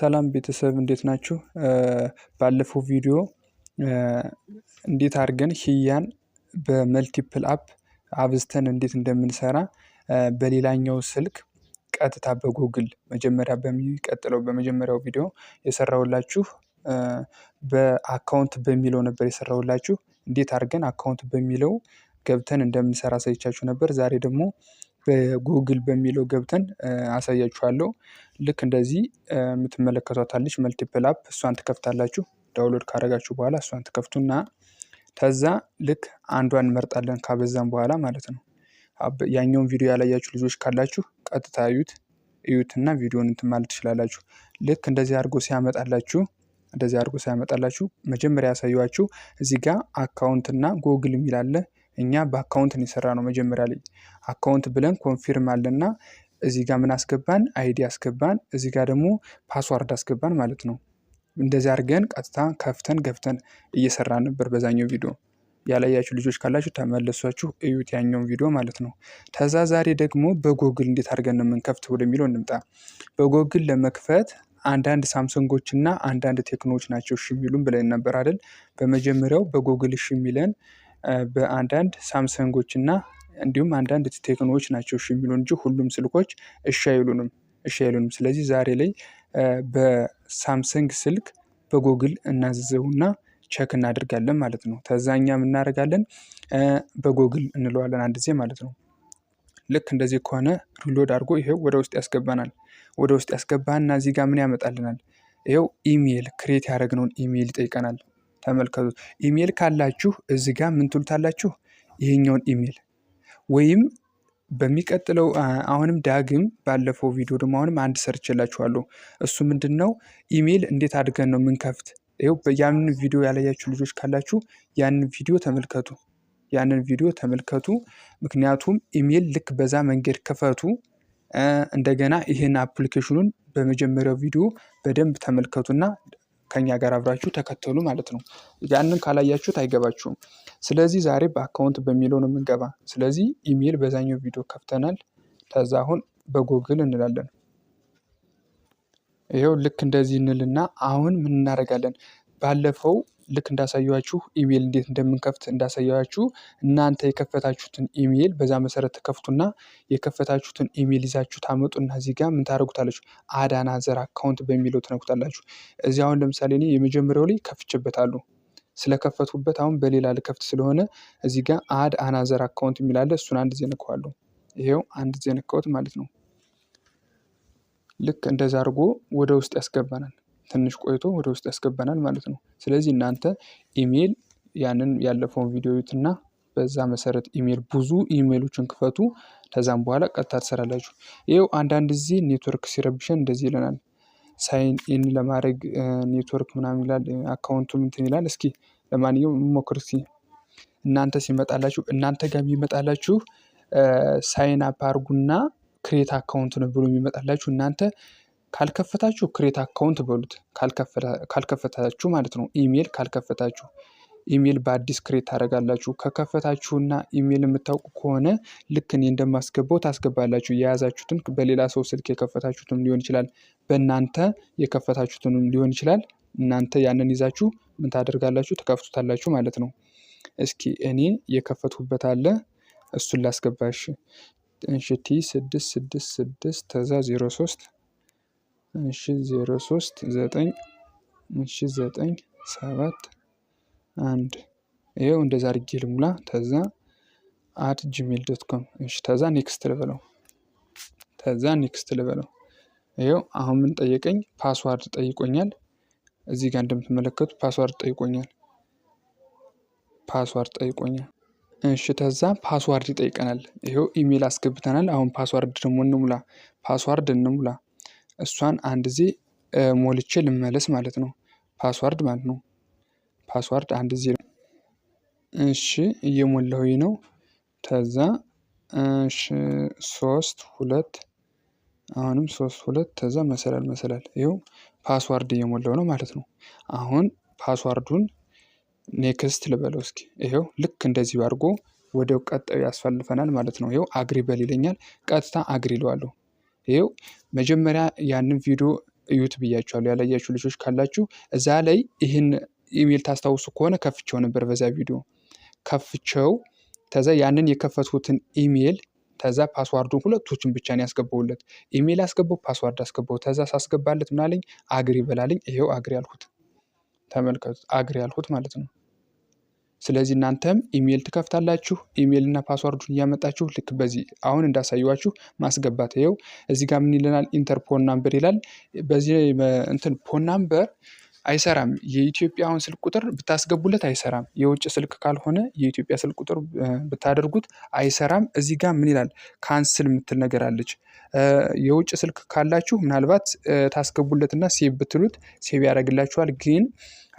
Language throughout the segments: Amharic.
ሰላም ቤተሰብ እንዴት ናችሁ? ባለፈው ቪዲዮ እንዴት አድርገን ሂያን በመልቲፕል አፕ አብዝተን እንዴት እንደምንሰራ በሌላኛው ስልክ ቀጥታ በጉግል መጀመሪያ በሚቀጥለው በመጀመሪያው ቪዲዮ የሰራውላችሁ በአካውንት በሚለው ነበር የሰራውላችሁ እንዴት አድርገን አካውንት በሚለው ገብተን እንደምንሰራ ሰይቻችሁ ነበር። ዛሬ ደግሞ በጉግል በሚለው ገብተን አሳያችኋለሁ። ልክ እንደዚህ የምትመለከቷታለች መልቲፕል አፕ እሷን ትከፍታላችሁ። ዳውንሎድ ካረጋችሁ በኋላ እሷን ትከፍቱና ከዛ ልክ አንዷን እንመርጣለን ካበዛም በኋላ ማለት ነው። ያኛውን ቪዲዮ ያላያችሁ ልጆች ካላችሁ ቀጥታ እዩት እዩትና ቪዲዮን እንትን ማለት ትችላላችሁ። ልክ እንደዚህ አድርጎ ሲያመጣላችሁ እንደዚህ አድርጎ ሲያመጣላችሁ መጀመሪያ ያሳየኋችሁ እዚህ ጋር አካውንትና ጎግል የሚላለ እኛ በአካውንትን የሰራ ነው። መጀመሪያ ላይ አካውንት ብለን ኮንፊርም አለና እዚህ ጋር ምን አስገባን? አይዲ አስገባን። እዚህ ጋር ደግሞ ፓስዋርድ አስገባን ማለት ነው። እንደዚህ አድርገን ቀጥታ ከፍተን ገብተን እየሰራ ነበር በዛኛው ቪዲዮ። ያላያችሁ ልጆች ካላችሁ ተመለሷችሁ እዩት ያኛውን ቪዲዮ ማለት ነው። ከዛ ዛሬ ደግሞ በጎግል እንዴት አድርገን ነው የምንከፍት ወደሚለው እንምጣ። በጎግል ለመክፈት አንዳንድ ሳምሰንጎች እና አንዳንድ ቴክኖዎች ናቸው እሺ የሚሉን ብለን ነበር አይደል? በመጀመሪያው በጎግል እሺ የሚለን በአንዳንድ ሳምሰንጎች እና እንዲሁም አንዳንድ ቴክኖዎች ናቸው እሺ የሚሉን እንጂ ሁሉም ስልኮች እሺ አይሉንም እሺ አይሉንም። ስለዚህ ዛሬ ላይ በሳምሰንግ ስልክ በጎግል እናዘዘውና ቸክ እናደርጋለን ማለት ነው። ተዛኛ እናደርጋለን በጎግል እንለዋለን አንድ ጊዜ ማለት ነው። ልክ እንደዚህ ከሆነ ሪሎድ አድርጎ ይሄው ወደ ውስጥ ያስገባናል። ወደ ውስጥ ያስገባና እዚህ ጋር ምን ያመጣልናል? ይኸው ኢሜይል ክሬት ያደረግነውን ኢሜል ይጠይቀናል። ተመልከቱ ኢሜል ካላችሁ እዚ ጋር ምን ትሉታላችሁ? ይሄኛውን ኢሜል ወይም በሚቀጥለው አሁንም ዳግም ባለፈው ቪዲዮ ደግሞ አሁንም አንድ ሰርች የላችኋለሁ። እሱ ምንድን ነው ኢሜል እንዴት አድርገን ነው ምንከፍት? ይው ያንን ቪዲዮ ያላያችሁ ልጆች ካላችሁ ያንን ቪዲዮ ተመልከቱ፣ ያንን ቪዲዮ ተመልከቱ። ምክንያቱም ኢሜል ልክ በዛ መንገድ ክፈቱ። እንደገና ይህን አፕሊኬሽኑን በመጀመሪያው ቪዲዮ በደንብ ተመልከቱና ከኛ ጋር አብራችሁ ተከተሉ ማለት ነው። ያንን ካላያችሁት አይገባችሁም። ስለዚህ ዛሬ በአካውንት በሚለው ነው የምንገባ። ስለዚህ ኢሜይል በዛኛው ቪዲዮ ከፍተናል። ከዛ አሁን በጎግል እንላለን። ይኸው ልክ እንደዚህ እንልና አሁን ምን እናደርጋለን ባለፈው ልክ እንዳሳያችሁ ኢሜይል እንዴት እንደምንከፍት እንዳሳያችሁ እናንተ የከፈታችሁትን ኢሜይል በዛ መሰረት ተከፍቱና የከፈታችሁትን ኢሜይል ይዛችሁ ታመጡና እዚህ ጋር ምን ታደርጉታላችሁ? አዳና ዘር አካውንት በሚለው ትነኩታላችሁ። እዚህ አሁን ለምሳሌ እኔ የመጀመሪያው ላይ ከፍቼበታለሁ። ስለከፈቱበት አሁን በሌላ ልከፍት ስለሆነ እዚህ ጋር አድ አናዘር አካውንት የሚላለ እሱን አንድ ጊዜ እነካዋለሁ። ይሄው አንድ ጊዜ ነካሁት ማለት ነው። ልክ እንደዛ አድርጎ ወደ ውስጥ ያስገባናል። ትንሽ ቆይቶ ወደ ውስጥ ያስገባናል ማለት ነው። ስለዚህ እናንተ ኢሜይል ያንን ያለፈውን ቪዲዮ እና በዛ መሰረት ኢሜይል ብዙ ኢሜይሎችን ክፈቱ። ከዛም በኋላ ቀጥታ ትሰራላችሁ። ይኸው አንዳንድ ጊዜ ኔትወርክ ሲረብሸን እንደዚህ ይለናል። ሳይን ኢን ለማድረግ ኔትወርክ ምናምን ይላል፣ አካውንቱም እንትን ይላል። እስኪ ለማንኛውም ሞክር እስኪ እናንተ ሲመጣላችሁ እናንተ ጋር የሚመጣላችሁ ሳይን አፕ አድርጉና ክሬት አካውንት ነው ብሎ የሚመጣላችሁ እናንተ ካልከፈታችሁ ክሬት አካውንት በሉት። ካልከፈታችሁ ማለት ነው። ኢሜል ካልከፈታችሁ ኢሜል በአዲስ ክሬት ታደርጋላችሁ። ከከፈታችሁና ኢሜል የምታውቁ ከሆነ ልክ እኔ እንደማስገባው ታስገባላችሁ። የያዛችሁትን በሌላ ሰው ስልክ የከፈታችሁትም ሊሆን ይችላል፣ በእናንተ የከፈታችሁትንም ሊሆን ይችላል። እናንተ ያንን ይዛችሁ ምን ታደርጋላችሁ? ተከፍቱታላችሁ ማለት ነው። እስኪ እኔ የከፈትሁበት አለ፣ እሱን ላስገባሽ። እንሽቲ ስድስት ስድስት ስድስት ተዛ ዜሮ ሶስት እሺ ዜሮ ሶስት ዘጠኝ እሺ ዘጠኝ ሰባት አንድ ይኸው እንደዛ አድርጌ ልሙላ። ተዛ አት ጂሜል ዶት ኮም እሺ። ተዛ ኔክስት ልበለው ተዛ ኔክስት ልበለው። ይኸው አሁን ምን ጠየቀኝ? ፓስዋርድ ጠይቆኛል። እዚህ ጋር እንደምትመለከቱ ፓስዋርድ ጠይቆኛል። ፓስዋርድ ጠይቆኛል። እሺ ተዛ ፓስዋርድ ይጠይቀናል። ይኸው ኢሜል አስገብተናል። አሁን ፓስዋርድ ደግሞ እንሙላ። ፓስዋርድ እንሙላ። እሷን አንድ ጊዜ ሞልቼ ልመለስ ማለት ነው። ፓስዋርድ ማለት ነው። ፓስዋርድ አንድ ጊዜ እሺ፣ እየሞላሁኝ ነው። ተዛ ሶስት ሁለት አሁንም ሶስት ሁለት ተዛ መሰላል መሰላል ይኸው ፓስዋርድ እየሞላው ነው ማለት ነው። አሁን ፓስዋርዱን ኔክስት ልበለው እስኪ። ይኸው ልክ እንደዚህ አድርጎ ወደ ቀጣዩ ያስፈልፈናል ማለት ነው። ይኸው አግሪ በል ይለኛል። ቀጥታ አግሪ ይለዋለሁ። ይኸው መጀመሪያ ያንን ቪዲዮ እዩት ብያችኋለሁ። ያላያችሁ ልጆች ካላችሁ እዛ ላይ ይህን ኢሜል ታስታውሱ ከሆነ ከፍቸው ነበር። በዛ ቪዲዮ ከፍቸው ተዛ ያንን የከፈትኩትን ኢሜል ተዛ ፓስዋርዱን ሁለቶችን ብቻ ነው ያስገባውለት። ኢሜል አስገባው፣ ፓስዋርድ አስገባው። ተዛ ሳስገባለት ምናለኝ አግሪ በላለኝ። ይሄው አግሪ አልኩት። ተመልከቱት፣ አግሪ አልኩት ማለት ነው። ስለዚህ እናንተም ኢሜይል ትከፍታላችሁ። ኢሜይል እና ፓስዋርዱን እያመጣችሁ ልክ በዚህ አሁን እንዳሳየዋችሁ ማስገባት ይኸው እዚህ ጋር ምን ይለናል? ኢንተር ፖን ናምበር ይላል። በዚህ እንትን ፖን ናምበር አይሰራም። የኢትዮጵያውን ስልክ ቁጥር ብታስገቡለት አይሰራም። የውጭ ስልክ ካልሆነ የኢትዮጵያ ስልክ ቁጥር ብታደርጉት አይሰራም። እዚህ ጋር ምን ይላል? ካንስል የምትል ነገር አለች። የውጭ ስልክ ካላችሁ ምናልባት ታስገቡለትና ሴብ ብትሉት ሴብ ያደርግላችኋል። ግን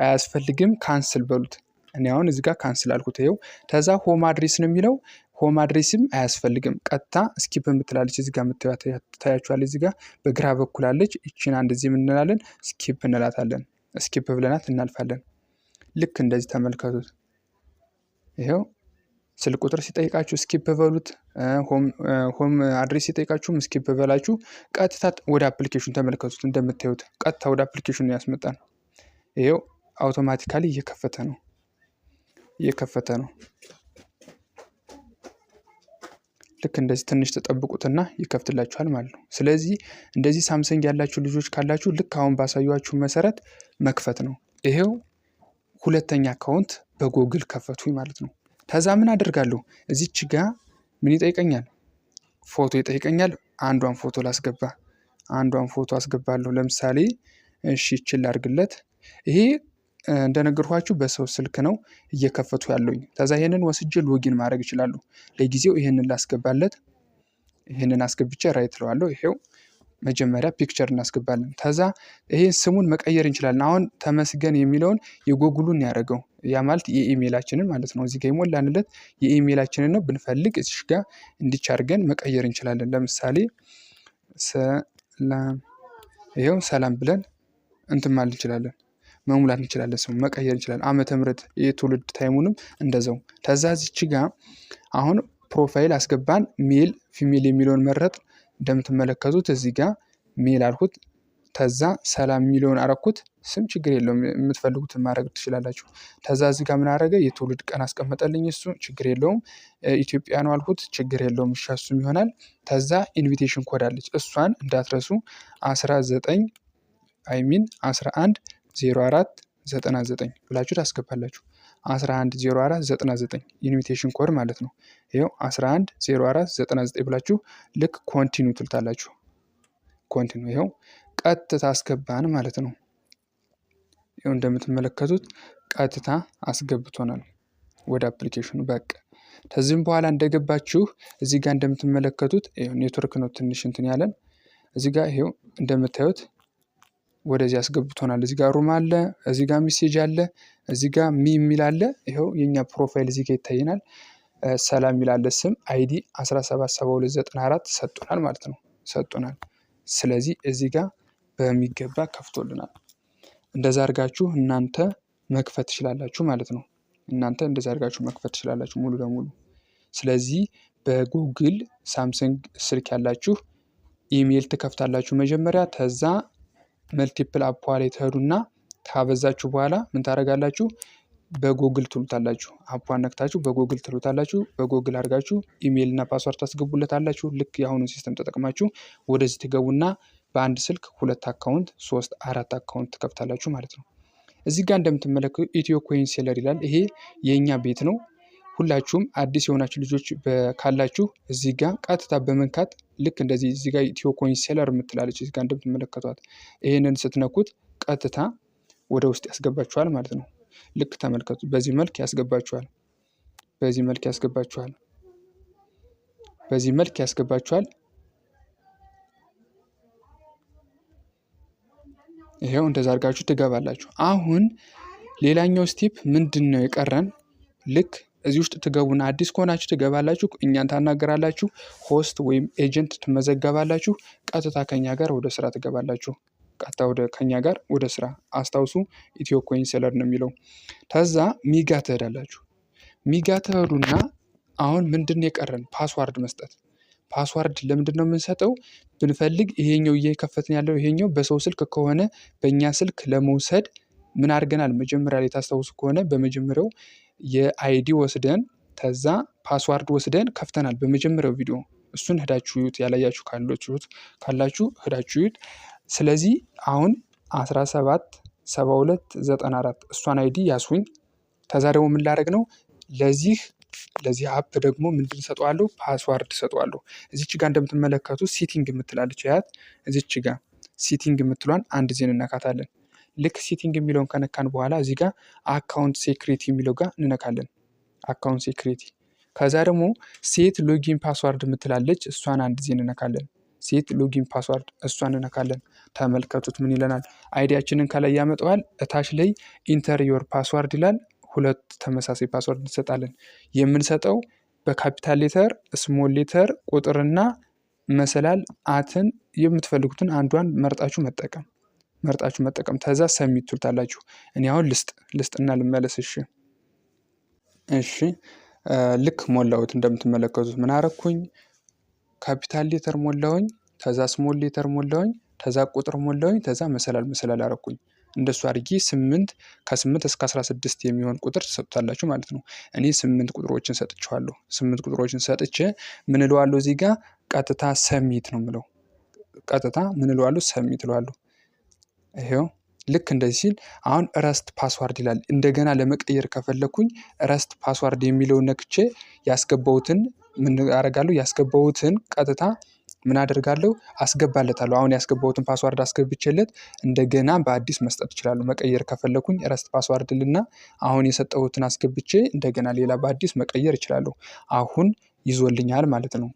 አያስፈልግም፣ ካንስል በሉት። እኔ አሁን እዚህ ጋር ካንስል አልኩት። ይኸው ተዛ ሆም አድሬስ ነው የሚለው ሆም አድሬስም አያስፈልግም። ቀጥታ ስኪፕ የምትላለች እዚህ ጋር የምታያችኋል። እዚህ ጋር በግራ በኩል አለች። እችን አንድዚህ የምንላለን ስኪፕ እንላታለን። ስኪፕ ብለናት እናልፋለን። ልክ እንደዚህ ተመልከቱት። ይኸው ስልክ ቁጥር ሲጠይቃችሁ ስኪፕ በሉት፣ ሆም አድሬስ ሲጠይቃችሁም ስኪፕ በላችሁ። ቀጥታ ወደ አፕሊኬሽን ተመልከቱት። እንደምታዩት ቀጥታ ወደ አፕሊኬሽን ያስመጣ ነው። ይኸው አውቶማቲካሊ እየከፈተ ነው። እየከፈተ ነው። ልክ እንደዚህ ትንሽ ተጠብቁትና ይከፍትላችኋል ማለት ነው። ስለዚህ እንደዚህ ሳምሰንግ ያላችሁ ልጆች ካላችሁ ልክ አሁን ባሳያችሁ መሰረት መክፈት ነው። ይሄው ሁለተኛ አካውንት በጎግል ከፈቱ ማለት ነው። ከዛ ምን አደርጋለሁ? እዚች ጋ ምን ይጠይቀኛል? ፎቶ ይጠይቀኛል። አንዷን ፎቶ ላስገባ፣ አንዷን ፎቶ አስገባለሁ። ለምሳሌ እሺ ይችል አድርግለት ይሄ እንደነገርኳችሁ በሰው ስልክ ነው እየከፈቱ ያለውኝ። ከዛ ይህንን ወስጄ ሎጊን ማድረግ ይችላሉ። ለጊዜው ይህንን ላስገባለት፣ ይህንን አስገብቼ ራይት ለዋለሁ። ይሄው መጀመሪያ ፒክቸር እናስገባለን። ከዛ ይሄን ስሙን መቀየር እንችላለን። አሁን ተመስገን የሚለውን የጎግሉን ያደረገው ያ ማለት የኢሜይላችንን ማለት ነው። እዚህ ጋ የሞላንለት የኢሜይላችንን ነው። ብንፈልግ እዚህ ጋ እንዲች አድርገን መቀየር እንችላለን። ለምሳሌ ሰላም፣ ይኸው ሰላም ብለን እንትን ማለት እንችላለን። መሙላት እንችላለን። ስሙ መቀየር እንችላለን። ዓመተ ምሕረት የትውልድ ታይሙንም እንደዛው። ከዛ ዚች ጋ አሁን ፕሮፋይል አስገባን። ሜል ፊሜል የሚለውን መረጥ። እንደምትመለከቱት እዚህ ጋ ሜል አልኩት። ተዛ ሰላም የሚለውን አረኩት። ስም ችግር የለውም የምትፈልጉትን ማድረግ ትችላላችሁ። ተዛ እዚህ ምን አረገ የትውልድ ቀን አስቀመጠልኝ። እሱ ችግር የለውም ኢትዮጵያ ነው አልኩት። ችግር የለውም እሺ እሱም ይሆናል። ተዛ ኢንቪቴሽን ኮድ አለች እሷን እንዳትረሱ 19 አይሚን 11 0499 ብላችሁ ታስገባላችሁ። 110499 ኢንቪቴሽን ኮድ ማለት ነው። ይኸው 110499 ብላችሁ ልክ ኮንቲኒው ትልታላችሁ። ኮንቲኒ ይኸው ቀጥታ አስገባን ማለት ነው። ይኸው እንደምትመለከቱት ቀጥታ አስገብቶናል ወደ አፕሊኬሽኑ በቃ። ከዚህም በኋላ እንደገባችሁ እዚህ ጋር እንደምትመለከቱት ኔትወርክ ነው ትንሽ እንትን ያለን እዚህ ጋር ይኸው እንደምታዩት ወደዚህ ያስገብቶናል። እዚህ ጋር ሩም አለ፣ እዚህ ጋር ሚሴጅ አለ፣ እዚህ ጋር ሚ የሚል አለ። ይኸው የእኛ ፕሮፋይል እዚህ ጋር ይታየናል። ሰላም ይላለ ስም አይዲ 177294 ሰጡናል ማለት ነው ሰጡናል። ስለዚህ እዚህ ጋር በሚገባ ከፍቶልናል። እንደዛ አድርጋችሁ እናንተ መክፈት ትችላላችሁ ማለት ነው። እናንተ እንደዛ አድርጋችሁ መክፈት ትችላላችሁ ሙሉ ለሙሉ። ስለዚህ በጉግል ሳምሰንግ ስልክ ያላችሁ ኢሜይል ትከፍታላችሁ መጀመሪያ ተዛ መልቲፕል አፕ ዋሌት ትሄዱና ካበዛችሁ በኋላ ምን ታደርጋላችሁ? በጎግል ትሉታላችሁ። አፑን ነክታችሁ በጎግል ትሉታላችሁ። በጎግል አድርጋችሁ ኢሜይል እና ታስገቡለት አላችሁ። ልክ የአሁኑ ሲስተም ተጠቅማችሁ ወደዚህ ትገቡና በአንድ ስልክ ሁለት አካውንት፣ ሶስት፣ አራት አካውንት ትከፍታላችሁ ማለት ነው። እዚህ ጋር እንደምትመለከቱ ኢትዮ ኮይን ሴለር ይላል። ይሄ የእኛ ቤት ነው። ሁላችሁም አዲስ የሆናችሁ ልጆች ካላችሁ እዚህ ጋ ቀጥታ በመንካት ልክ እንደዚህ እዚህ ጋ ኢትዮ ኮይን ሴለር የምትላለች እዚህ ጋ እንደምትመለከቷት ይህንን ስትነኩት ቀጥታ ወደ ውስጥ ያስገባችኋል ማለት ነው። ልክ ተመልከቱ። በዚህ መልክ ያስገባችኋል። በዚህ መልክ ያስገባችኋል። በዚህ መልክ ያስገባችኋል። ይሄው እንደዛ አድርጋችሁ ትገባላችሁ። አሁን ሌላኛው ስቴፕ ምንድን ነው የቀረን ልክ እዚህ ውስጥ ትገቡና አዲስ ከሆናችሁ ትገባላችሁ፣ እኛን ታናገራላችሁ፣ ሆስት ወይም ኤጀንት ትመዘገባላችሁ። ቀጥታ ከኛ ጋር ወደ ስራ ትገባላችሁ። ቀጥታ ወደ ከኛ ጋር ወደ ስራ አስታውሱ፣ ኢትዮ ኮይን ሴለር ነው የሚለው። ከዛ ሚጋ ትሄዳላችሁ። ሚጋ ትሄዱና አሁን ምንድን የቀረን ፓስዋርድ መስጠት ፓስዋርድ ለምንድን ነው የምንሰጠው? ብንፈልግ ይሄኛው እየከፈትን ያለው ይሄኛው በሰው ስልክ ከሆነ በእኛ ስልክ ለመውሰድ ምን አድርገናል? መጀመሪያ ላይ ታስታውሱ ከሆነ በመጀመሪያው የአይዲ ወስደን ከዛ ፓስዋርድ ወስደን ከፍተናል። በመጀመሪያው ቪዲዮ እሱን ህዳችሁ ዩት ያላያችሁ ካላችሁት ካላችሁ ህዳችሁ ዩት። ስለዚህ አሁን 17 72 94 እሷን አይዲ ያስኝ። ከዛ ደግሞ ምን ላደርግ ነው ለዚህ ለዚህ አፕ ደግሞ ምንድን ሰጠዋለሁ? ፓስዋርድ ሰጠዋለሁ። እዚች ጋር እንደምትመለከቱ ሲቲንግ የምትላለች ያት እዚች ጋር ሲቲንግ የምትሏን አንድ ዜን እነካታለን። ልክ ሴቲንግ የሚለውን ከነካን በኋላ እዚህ ጋር አካውንት ሴክሬቲ የሚለው ጋር እንነካለን። አካውንት ሴክሬቲ ከዛ ደግሞ ሴት ሎጊን ፓስዋርድ የምትላለች እሷን አንድ ዜ እንነካለን። ሴት ሎጊን ፓስዋርድ እሷን እንነካለን። ተመልከቱት ምን ይለናል? አይዲያችንን ከላይ ያመጣዋል። እታች ላይ ኢንተር ፓስዋርድ ይላል። ሁለት ተመሳሳይ ፓስዋርድ እንሰጣለን። የምንሰጠው በካፒታል ሌተር፣ ስሞል ሌተር፣ ቁጥርና መሰላል አትን የምትፈልጉትን አንዷን መርጣችሁ መጠቀም መርጣችሁ መጠቀም ተዛ ሰሚት ትሉታላችሁ። እኔ አሁን ልስጥ ልስጥና ልመለስ። እሺ እሺ፣ ልክ ሞላሁት እንደምትመለከቱት ምን አረኩኝ? ካፒታል ሌተር ሞላውኝ፣ ተዛ ስሞል ሌተር ሞላውኝ፣ ተዛ ቁጥር ሞላውኝ፣ ተዛ መሰላል መሰላል አረኩኝ። እንደሱ አድርጌ ስምንት ከስምንት እስከ አስራ ስድስት የሚሆን ቁጥር ትሰጡታላችሁ ማለት ነው። እኔ ስምንት ቁጥሮችን ሰጥችኋለሁ። ስምንት ቁጥሮችን ሰጥቼ ምን እለዋለሁ እዚህ ጋር ቀጥታ ሰሚት ነው ምለው። ቀጥታ ምን እለዋለሁ ሰሚት እለዋለሁ። ይሄው ልክ እንደዚህ ሲል አሁን እረስት ፓስዋርድ ይላል። እንደገና ለመቀየር ከፈለኩኝ እረስት ፓስዋርድ የሚለውን ነክቼ ያስገባሁትን ምን አደርጋለሁ? ያስገባሁትን ቀጥታ ምን አደርጋለሁ? አስገባለታለሁ። አሁን ያስገባሁትን ፓስዋርድ አስገብቼለት እንደገና በአዲስ መስጠት እችላለሁ። መቀየር ከፈለኩኝ እረስት ፓስዋርድ ልና አሁን የሰጠሁትን አስገብቼ እንደገና ሌላ በአዲስ መቀየር እችላለሁ። አሁን ይዞልኛል ማለት ነው።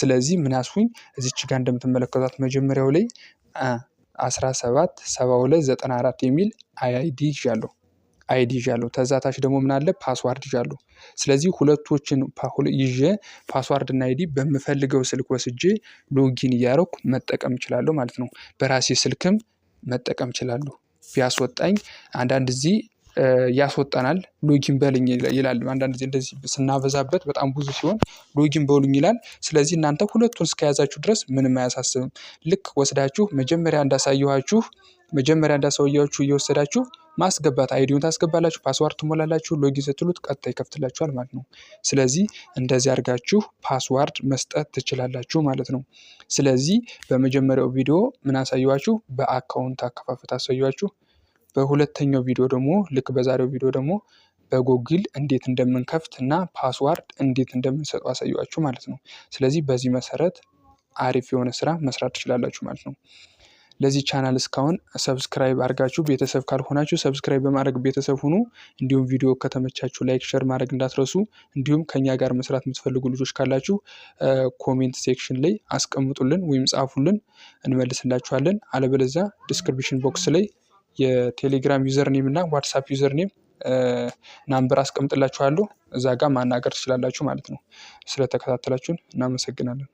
ስለዚህ ምን ያስኩኝ እዚች ጋር እንደምትመለከቷት መጀመሪያው ላይ 17 72 የሚል አይዲ ይዣለሁ አይዲ ይዣለሁ። ተዛ ደግሞ ምን አለ ፓስዋርድ ይዣለሁ። ስለዚህ ሁለቶችን ይዤ ፓስዋርድ እና አይዲ በምፈልገው ስልክ ወስጄ ሎጊን እያደረኩ መጠቀም እችላለሁ ማለት ነው። በራሴ ስልክም መጠቀም እችላለሁ። ቢያስወጣኝ አንዳንድ እዚህ ያስወጣናል። ሎጊን በልኝ ይላል። አንዳንድ ጊዜ እንደዚህ ስናበዛበት በጣም ብዙ ሲሆን ሎጊን በሉኝ ይላል። ስለዚህ እናንተ ሁለቱን እስከያዛችሁ ድረስ ምንም አያሳስብም። ልክ ወስዳችሁ መጀመሪያ እንዳሳየኋችሁ መጀመሪያ እንዳሳየኋችሁ እየወሰዳችሁ ማስገባት አይዲውን ታስገባላችሁ፣ ፓስዋርድ ትሞላላችሁ፣ ሎጊን ስትሉት ቀጥታ ይከፍትላችኋል ማለት ነው። ስለዚህ እንደዚህ አድርጋችሁ ፓስዋርድ መስጠት ትችላላችሁ ማለት ነው። ስለዚህ በመጀመሪያው ቪዲዮ ምን አሳየኋችሁ? በአካውንት አከፋፈት አሳየኋችሁ። በሁለተኛው ቪዲዮ ደግሞ ልክ በዛሬው ቪዲዮ ደግሞ በጎግል እንዴት እንደምንከፍት እና ፓስዋርድ እንዴት እንደምንሰጠው አሳያችሁ ማለት ነው። ስለዚህ በዚህ መሰረት አሪፍ የሆነ ስራ መስራት ትችላላችሁ ማለት ነው። ለዚህ ቻናል እስካሁን ሰብስክራይብ አድርጋችሁ ቤተሰብ ካልሆናችሁ ሰብስክራይብ በማድረግ ቤተሰብ ሁኑ። እንዲሁም ቪዲዮ ከተመቻችሁ ላይክ፣ ሸር ማድረግ እንዳትረሱ። እንዲሁም ከኛ ጋር መስራት የምትፈልጉ ልጆች ካላችሁ ኮሜንት ሴክሽን ላይ አስቀምጡልን ወይም ጻፉልን፣ እንመልስላችኋለን። አለበለዚያ ዲስክሪፕሽን ቦክስ ላይ የቴሌግራም ዩዘርኔም እና ዋትሳፕ ዩዘርኔም ናምበር አስቀምጥላችኋለሁ። እዛ ጋር ማናገር ትችላላችሁ ማለት ነው። ስለተከታተላችሁን እናመሰግናለን።